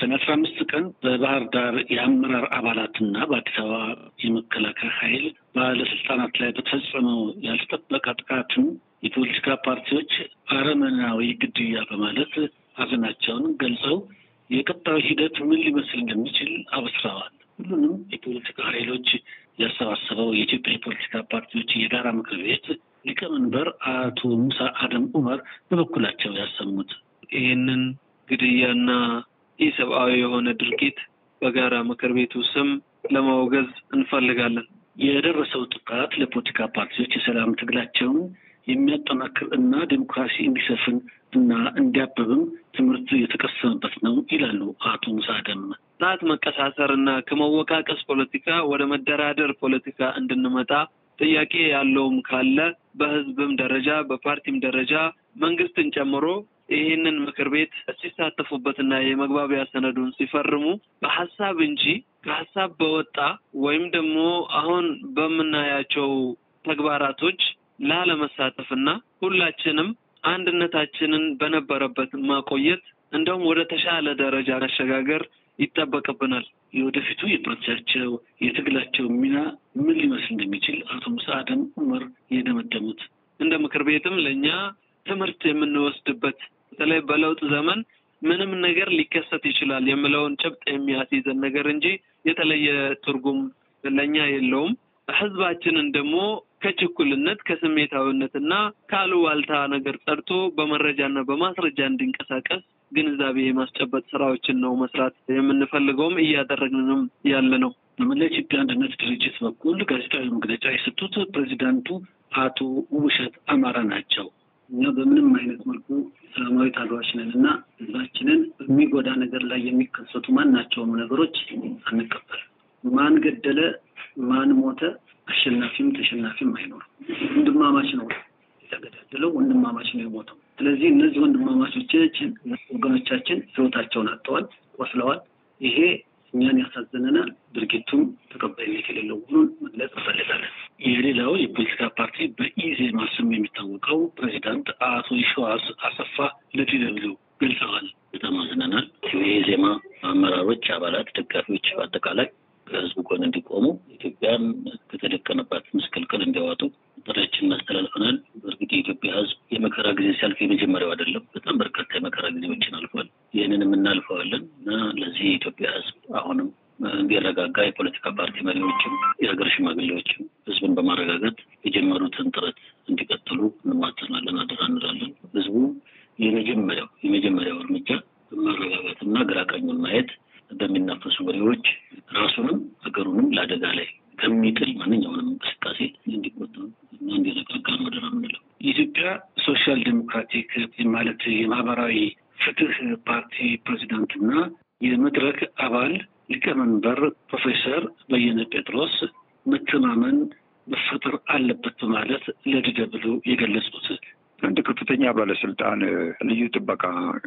ሰኔ አስራ አምስት ቀን በባህር ዳር የአመራር አባላትና በአዲስ አበባ የመከላከያ ኃይል ባለስልጣናት ላይ በተፈጸመው ያልተጠበቀ ጥቃትን የፖለቲካ ፓርቲዎች አረመናዊ ግድያ በማለት ሀዘናቸውን ገልጸው የቀጣዩ ሂደት ምን ሊመስል እንደሚችል አበስረዋል። ሁሉንም የፖለቲካ ኃይሎች ያሰባሰበው የኢትዮጵያ የፖለቲካ ፓርቲዎች የጋራ ምክር ቤት ሊቀመንበር አቶ ሙሳ አደም ኡመር በበኩላቸው ያሰሙት ይህንን ግድያና ኢሰብአዊ የሆነ ድርጊት በጋራ ምክር ቤቱ ስም ለማውገዝ እንፈልጋለን። የደረሰው ጥቃት ለፖለቲካ ፓርቲዎች የሰላም ትግላቸውን የሚያጠናክር እና ዴሞክራሲ እንዲሰፍን እና እንዲያብብም ትምህርት የተቀሰመበት ነው ይላሉ አቶ ሙሳ ደም። መቀሳሰር እና ከመወቃቀስ ፖለቲካ ወደ መደራደር ፖለቲካ እንድንመጣ ጥያቄ ያለውም ካለ በህዝብም ደረጃ በፓርቲም ደረጃ መንግስትን ጨምሮ ይህንን ምክር ቤት ሲሳተፉበትና የመግባቢያ ሰነዱን ሲፈርሙ በሀሳብ እንጂ ከሀሳብ በወጣ ወይም ደግሞ አሁን በምናያቸው ተግባራቶች ላለመሳተፍና ሁላችንም አንድነታችንን በነበረበት ማቆየት እንደውም ወደ ተሻለ ደረጃ ማሸጋገር ይጠበቅብናል። የወደፊቱ የፓርቲያቸው የትግላቸው ሚና ምን ሊመስል እንደሚችል አቶ ሙሳ አደም ዑመር የደመደሙት እንደ ምክር ቤትም ለእኛ ትምህርት የምንወስድበት በተለይ በለውጥ ዘመን ምንም ነገር ሊከሰት ይችላል የምለውን ጭብጥ የሚያስይዘን ነገር እንጂ የተለየ ትርጉም ለእኛ የለውም። ህዝባችንን ደግሞ ከችኩልነት ከስሜታዊነትና ከአሉባልታ ነገር ጠርቶ በመረጃና በማስረጃ እንዲንቀሳቀስ ግንዛቤ የማስጨበጥ ስራዎችን ነው መስራት የምንፈልገውም እያደረግንም ያለ ነው። ኢትዮጵያ አንድነት ድርጅት በኩል ጋዜጣዊ መግለጫ የሰጡት ፕሬዚዳንቱ አቶ ውብሸት አማራ ናቸው። እኛ በምንም አይነት መልኩ ሰላማዊ ታጋዮች ነን እና ህዝባችንን በሚጎዳ ነገር ላይ የሚከሰቱ ማናቸውም ነገሮች አንቀበል። ማን ገደለ፣ ማን ሞተ፣ አሸናፊም ተሸናፊም አይኖርም። ወንድማማች ነው የተገዳደለው፣ ወንድማማች ነው የሞተው። ስለዚህ እነዚህ ወንድማማቾቻችን ወገኖቻችን ህይወታቸውን አጥተዋል፣ ቆስለዋል። ይሄ እኛን ያሳዘነናል። ድርጊቱም ተቀባይነት የሌለው መሆኑን የሌላው የፖለቲካ ፓርቲ በኢዜማ ስም የሚታወቀው ፕሬዚዳንት አቶ ይሸዋስ አሰፋ ለዲደብሊው ገልጸዋል። በጣም አዝነናል። የኢዜማ አመራሮች፣ አባላት፣ ደጋፊዎች በአጠቃላይ ከህዝቡ ጎን እንዲቆሙ ኢትዮጵያን ከተደቀነባት ምስቅልቅል እንዲያወጡ ጥሪያችንን አስተላልፈናል። በእርግጥ የኢትዮጵያ ህዝብ የመከራ ጊዜ ሲያልፍ የመጀመሪያው አይደለም። በጣም በርካታ የመከራ ጊዜዎችን አልፏል። ይህንንም እናልፈዋለን እና ለዚህ የኢትዮጵያ ህዝብ የፖለቲካ ፓርቲ መሪዎችም የሀገር ሽማግሌዎችም ህዝቡን በማረጋጋት የጀመሩትን ጥረት እንዲቀጥሉ እንማጸናለን፣ አደራ እንላለን። ህዝቡ የመጀመሪያው የመጀመሪያው እርምጃ መረጋጋትና ግራ ቀኙን ማየት በሚናፈሱ ወሬዎች ራሱንም ሀገሩንም ለአደጋ ላይ ከሚጥል ማንኛውንም እንቅስቃሴ እንዲቆጠሩ እና እንዲረጋጋ ነው ኢትዮጵያ ሶሻል ዴሞክራቲክ ማለት የማህበራዊ ፍትህ ፓርቲ ፕሬዚዳንትና የመድረክ አባል ሊቀመንበር ፕሮፌሰር በየነ ጴጥሮስ መተማመን መፈጠር አለበት በማለት ለዲ የገለጹት አንድ ከፍተኛ ባለስልጣን ልዩ ጥበቃ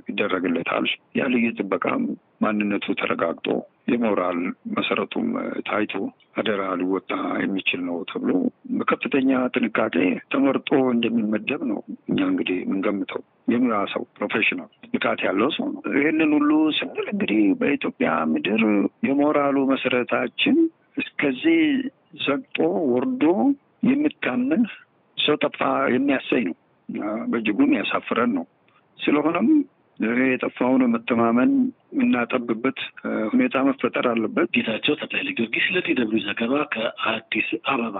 ይደረግለታል። ያ ልዩ ጥበቃም ማንነቱ ተረጋግጦ የሞራል መሰረቱም ታይቶ አደራ ሊወጣ የሚችል ነው ተብሎ በከፍተኛ ጥንቃቄ ተመርጦ እንደሚመደብ ነው እኛ እንግዲህ የምንገምተው። የሙያ ሰው ፕሮፌሽናል ብቃት ያለው ሰው ነው። ይህንን ሁሉ ስንል እንግዲህ በኢትዮጵያ ምድር የሞራሉ መሰረታችን እስከዚህ ዘግጦ ወርዶ የምታምን ሰው ጠፋ የሚያሰኝ ነው። በእጅጉም ያሳፍረን ነው። ስለሆነም የጠፋውን መተማመን የምናጠብበት ሁኔታ መፈጠር አለበት። ጌታቸው ተክለ ጊዮርጊስ ለዲ ደብልዩ ዘገባ ከአዲስ አበባ